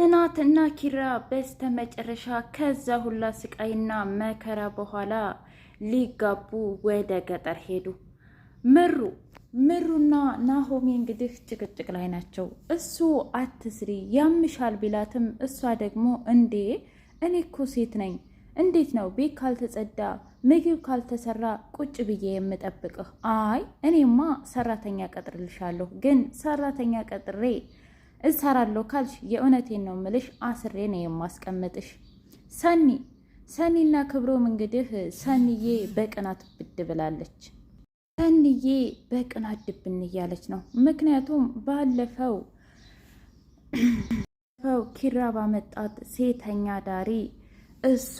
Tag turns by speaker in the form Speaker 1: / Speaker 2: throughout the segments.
Speaker 1: ጽናት እና ኪራ በስተመጨረሻ ከዛ ሁላ ስቃይና መከራ በኋላ ሊጋቡ ወደ ገጠር ሄዱ። ምሩ ምሩና ናሆሚ እንግዲህ ጭቅጭቅ ላይ ናቸው። እሱ አትስሪ ያምሻል ቢላትም እሷ ደግሞ እንዴ እኔ እኮ ሴት ነኝ፣ እንዴት ነው ቤት ካልተጸዳ ምግብ ካልተሰራ ቁጭ ብዬ የምጠብቅህ? አይ እኔማ ሰራተኛ ቀጥርልሻለሁ፣ ግን ሰራተኛ ቀጥሬ እሰራለሁ ካልሽ የእውነቴን ነው ምልሽ፣ አስሬ ነው የማስቀምጥሽ። ሰኒ ሰኒና ክብሮም እንግዲህ ሰኒዬ በቅናት ብድ ብላለች። ሰኒዬ በቅናት ድብን እያለች ነው። ምክንያቱም ባለፈው ኪራ ባመጣት ሴተኛ ዳሪ እሷ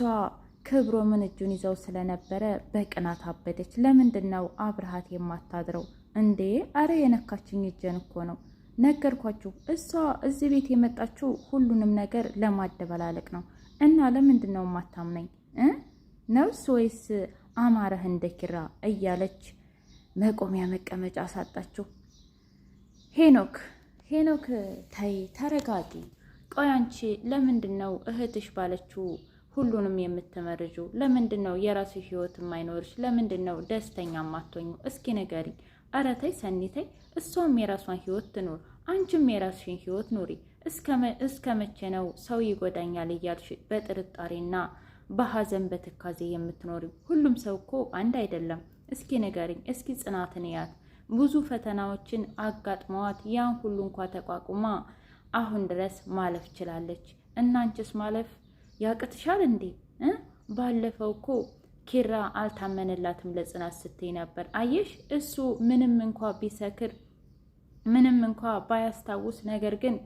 Speaker 1: ክብሮ ምን እጁን ይዘው ስለነበረ በቅናት አበደች። ለምንድን ነው አብርሃት የማታድረው እንዴ? አረ የነካችኝ እጄን እኮ ነው ነገርኳችሁ። እሷ እዚህ ቤት የመጣችው ሁሉንም ነገር ለማደበላለቅ ነው። እና ለምንድን ነው የማታምነኝ ነውስ ወይስ አማረህ እንደ ኪራ እያለች መቆሚያ መቀመጫ አሳጣችሁ። ሄኖክ ሄኖክ ተይ ተረጋጊ። ቆይ አንቺ ለምንድን ነው እህትሽ ባለችው ሁሉንም የምትመርጁ? ለምንድን ነው የራስሽ ህይወት የማይኖርሽ? ለምንድን ነው ደስተኛ ማቶኙ? እስኪ ንገሪኝ። ኧረ ተይ ሰኒ ተይ፣ እሷም የራሷን ህይወት ትኑር፣ አንቺም የራስሽን ህይወት ኑሪ። እስከ መቼ ነው ሰው ይጎዳኛል እያልሽ በጥርጣሬና በሐዘን በትካዜ የምትኖር ሁሉም ሰው እኮ አንድ አይደለም። እስኪ ንገሪኝ፣ እስኪ ጽናትን እያት። ብዙ ፈተናዎችን አጋጥመዋት ያን ሁሉ እንኳ ተቋቁማ አሁን ድረስ ማለፍ ችላለች። እናንችስ ማለፍ ያቅትሻል እንዴ? ባለፈው እኮ ኪራ አልታመነላትም። ለጽናት ስትይ ነበር። አየሽ እሱ ምንም እንኳ ቢሰክር ምንም እንኳ ባያስታውስ፣ ነገር ግን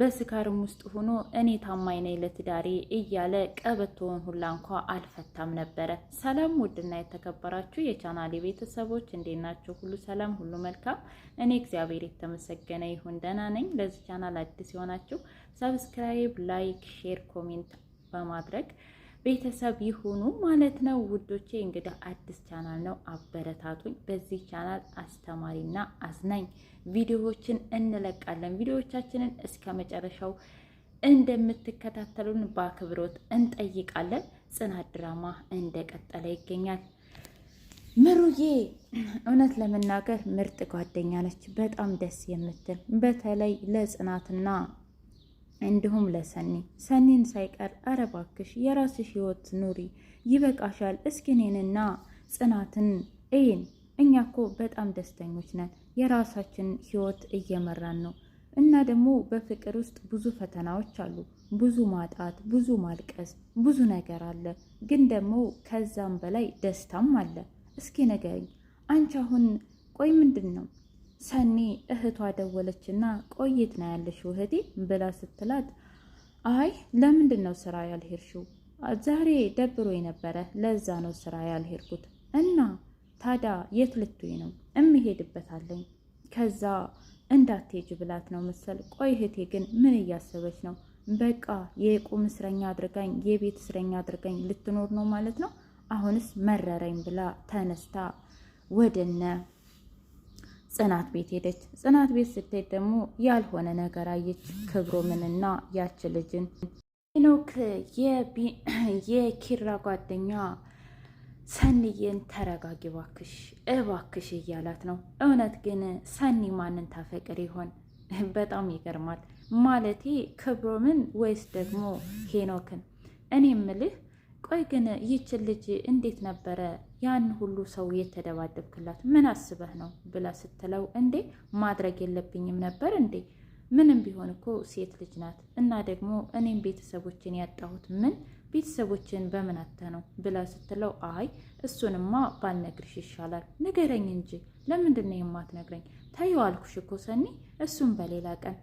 Speaker 1: በስካርም ውስጥ ሆኖ እኔ ታማኝ ነኝ ለትዳሬ እያለ ቀበቶውን ሁላ እንኳ አልፈታም ነበረ። ሰላም ውድና የተከበራችሁ የቻናሌ ቤተሰቦች እንዴት ናቸው ሁሉ ሰላም፣ ሁሉ መልካም። እኔ እግዚአብሔር የተመሰገነ ይሁን ደህና ነኝ። ለዚህ ቻናል አዲስ የሆናችሁ ሰብስክራይብ፣ ላይክ፣ ሼር፣ ኮሜንት በማድረግ ቤተሰብ ይሁኑ ማለት ነው ውዶቼ። እንግዲህ አዲስ ቻናል ነው፣ አበረታቱኝ። በዚህ ቻናል አስተማሪና አዝናኝ ቪዲዮዎችን እንለቃለን። ቪዲዮዎቻችንን እስከ መጨረሻው እንደምትከታተሉን በአክብሮት እንጠይቃለን። ጽናት ድራማ እንደቀጠለ ይገኛል። ምሩዬ እውነት ለመናገር ምርጥ ጓደኛ ነች። በጣም ደስ የምትል በተለይ ለጽናትና እንዲሁም ለሰኒ ሰኒን ሳይቀር ኧረ እባክሽ የራስሽ ህይወት ኑሪ ይበቃሻል። እስኪ እኔንና ጽናትን እይን። እኛ እኮ በጣም ደስተኞች ነን፣ የራሳችን ህይወት እየመራን ነው። እና ደግሞ በፍቅር ውስጥ ብዙ ፈተናዎች አሉ፣ ብዙ ማጣት፣ ብዙ ማልቀስ፣ ብዙ ነገር አለ። ግን ደግሞ ከዛም በላይ ደስታም አለ። እስኪ ንገሪኝ አንቺ አሁን ቆይ ምንድን ነው ሰኒ እህቷ ደወለችና ቆይት ነው ያለሽው እህቴ ብላ ስትላት፣ አይ ለምንድን ነው ስራ ያልሄድሽው? ዛሬ ደብሮ የነበረ ለዛ ነው ስራ ያልሄድኩት። እና ታዲያ የት ልትይ ነው? እምሄድበት አለኝ። ከዛ እንዳትሄጅ ብላት ነው መሰል። ቆይ እህቴ ግን ምን እያሰበች ነው? በቃ የቁም እስረኛ አድርጋኝ፣ የቤት እስረኛ አድርጋኝ ልትኖር ነው ማለት ነው። አሁንስ መረረኝ ብላ ተነስታ ወደነ ጽናት ቤት ሄደች። ጽናት ቤት ስትሄድ ደግሞ ያልሆነ ነገር አየች። ክብሮምንና ያች ልጅን ሄኖክ የኪራ ጓደኛ ሰኒዬን ተረጋጊ ባክሽ እባክሽ እያላት ነው። እውነት ግን ሰኒ ማንን ታፈቅር ይሆን? በጣም ይገርማል። ማለቴ ክብሮምን ወይስ ደግሞ ሄኖክን? እኔ ምልህ ቆይ ግን ይችን ልጅ እንዴት ነበረ ያን ሁሉ ሰው የተደባደብክላት ምን አስበህ ነው ብላ ስትለው እንዴ ማድረግ የለብኝም ነበር እንዴ? ምንም ቢሆን እኮ ሴት ልጅ ናት እና ደግሞ እኔም ቤተሰቦችን ያጣሁት ምን ቤተሰቦችን በምን አተ ነው ብላ ስትለው አይ እሱንማ ባልነግርሽ ይሻላል ንገረኝ እንጂ ለምንድን ነው የማትነግረኝ? ተይው አልኩሽ እኮ ሰኒ እሱም በሌላ ቀን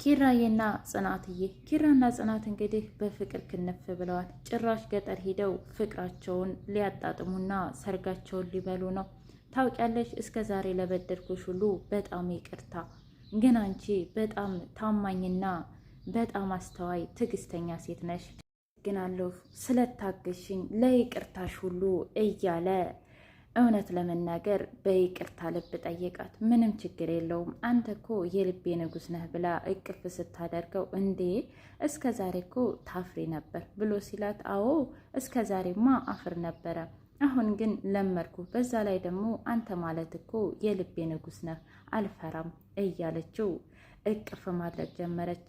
Speaker 1: ኪራዬና ጽናትዬ ኪራና ጽናት እንግዲህ በፍቅር ክንፍ ብለዋል። ጭራሽ ገጠር ሂደው ፍቅራቸውን ሊያጣጥሙና ሰርጋቸውን ሊበሉ ነው። ታውቂያለሽ፣ እስከ ዛሬ ለበደልኩሽ ሁሉ በጣም ይቅርታ። ግን አንቺ በጣም ታማኝና በጣም አስተዋይ ትዕግስተኛ ሴት ነሽ። አለሁ ስለታገሽኝ ለይቅርታሽ ሁሉ እያለ እውነት ለመናገር በይቅርታ ልብ ጠየቃት። ምንም ችግር የለውም አንተ እኮ የልቤ ንጉስ ነህ ብላ እቅፍ ስታደርገው እንዴ እስከ ዛሬ እኮ ታፍሪ ነበር ብሎ ሲላት፣ አዎ እስከ ዛሬማ አፍር ነበረ፣ አሁን ግን ለመድኩ። በዛ ላይ ደግሞ አንተ ማለት እኮ የልቤ ንጉስ ነህ፣ አልፈራም እያለችው እቅፍ ማድረግ ጀመረች።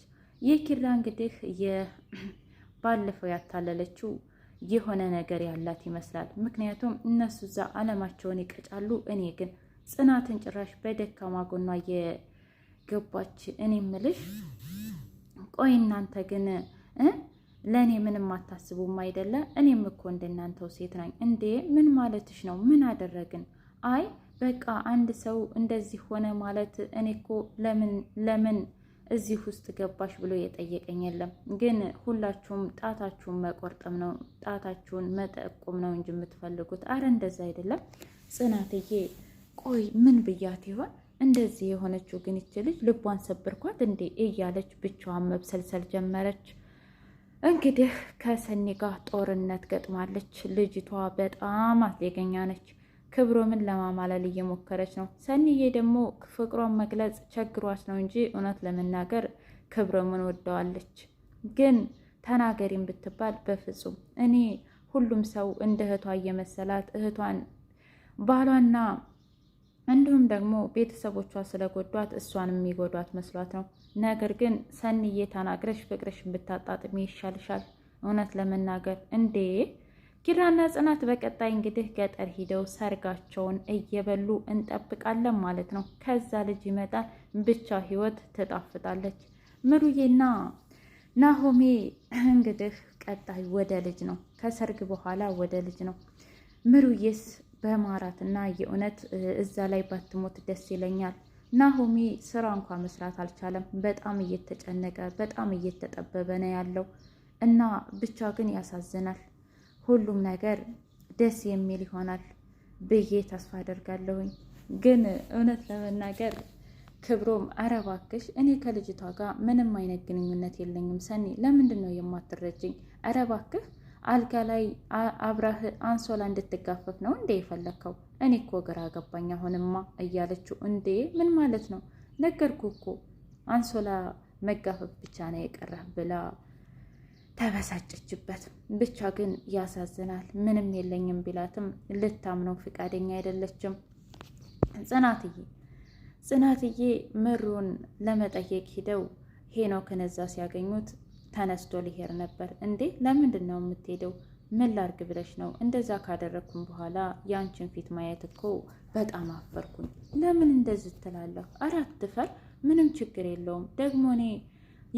Speaker 1: የኪራ እንግዲህ ባለፈው ያታለለችው የሆነ ነገር ያላት ይመስላል። ምክንያቱም እነሱ እዛ አለማቸውን ይቀጫሉ። እኔ ግን ጽናትን ጭራሽ በደካማ ጎኗ የገባች እኔ ምልሽ፣ ቆይ እናንተ ግን ለእኔ ምንም አታስቡም አይደለ? እኔም እኮ እንደናንተው ሴት ነኝ እንዴ! ምን ማለትሽ ነው? ምን አደረግን? አይ በቃ አንድ ሰው እንደዚህ ሆነ ማለት እኔ እኮ ለምን ለምን እዚህ ውስጥ ገባሽ ብሎ የጠየቀኝ የለም። ግን ሁላችሁም ጣታችሁን መቆርጠም ነው ጣታችሁን መጠቆም ነው እንጂ የምትፈልጉት። አረ እንደዛ አይደለም። ጽናትዬ ቆይ ምን ብያት ይሆን እንደዚህ የሆነችው? ግን ይች ልጅ ልቧን ሰብርኳት እንዴ እያለች ብቻዋን መብሰልሰል ጀመረች። እንግዲህ ከሰኒ ጋር ጦርነት ገጥማለች። ልጅቷ በጣም አስደገኛ ነች። ክብሮምን ለማማለል እየሞከረች ነው። ሰኒዬ ደግሞ ፍቅሯን መግለጽ ቸግሯት ነው እንጂ እውነት ለመናገር ክብሮምን ወደዋለች። ግን ተናገሪም ብትባል በፍጹም እኔ ሁሉም ሰው እንደ እህቷ እየመሰላት እህቷን ባሏና እንዲሁም ደግሞ ቤተሰቦቿ ስለጎዷት እሷን የሚጎዷት መስሏት ነው። ነገር ግን ሰንዬ ተናግረሽ ፍቅርሽ ብታጣጥሚ ይሻልሻል። እውነት ለመናገር እንዴ ኪራና ጽናት በቀጣይ እንግዲህ ገጠር ሂደው ሰርጋቸውን እየበሉ እንጠብቃለን ማለት ነው። ከዛ ልጅ ይመጣል። ብቻ ህይወት ትጣፍጣለች። ምሩዬና ናሆሜ እንግዲህ ቀጣይ ወደ ልጅ ነው። ከሰርግ በኋላ ወደ ልጅ ነው። ምሩዬስ በማራትና የእውነት እዛ ላይ ባትሞት ደስ ይለኛል። ናሆሜ ስራ እንኳ መስራት አልቻለም። በጣም እየተጨነቀ በጣም እየተጠበበ ነው ያለው እና ብቻ ግን ያሳዝናል። ሁሉም ነገር ደስ የሚል ይሆናል ብዬ ተስፋ አደርጋለሁኝ። ግን እውነት ለመናገር ክብሮም ኧረ እባክሽ እኔ ከልጅቷ ጋር ምንም አይነት ግንኙነት የለኝም ሰኒ፣ ለምንድን ነው የማትረጅኝ? ኧረ እባክህ አልጋ ላይ አብራህ አንሶላ እንድትጋፈፍ ነው እንዴ የፈለግከው? እኔ እኮ ግራ ገባኝ አሁንማ እያለችው፣ እንዴ ምን ማለት ነው? ነገርኩ እኮ አንሶላ መጋፈፍ ብቻ ነው የቀረህ ብላ ተበሳጨችበት። ብቻ ግን ያሳዝናል። ምንም የለኝም ቢላትም ልታምነው ፈቃደኛ አይደለችም። ጽናትዬ ጽናትዬ ምሩን ለመጠየቅ ሂደው ሄኖክን እዛ ሲያገኙት ተነስቶ ሊሄድ ነበር። እንዴ ለምንድን ነው የምትሄደው? ምን ላርግ ብለሽ ነው? እንደዛ ካደረግኩም በኋላ ያንቺን ፊት ማየት እኮ በጣም አፈርኩኝ። ለምን እንደዚህ ትላለሁ? አራት ትፈር ምንም ችግር የለውም ደግሞ እኔ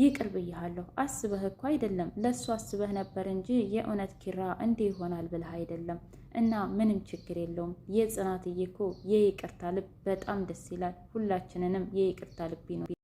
Speaker 1: ይቅር ብያሃለሁ። አስበህ እኮ አይደለም ለሱ አስበህ ነበር እንጂ የእውነት ኪራ እንዲህ ይሆናል ብለህ አይደለም። እና ምንም ችግር የለውም። የጽናትዬ እኮ የይቅርታ ልብ በጣም ደስ ይላል። ሁላችንንም የይቅርታ ልብ ይኖር።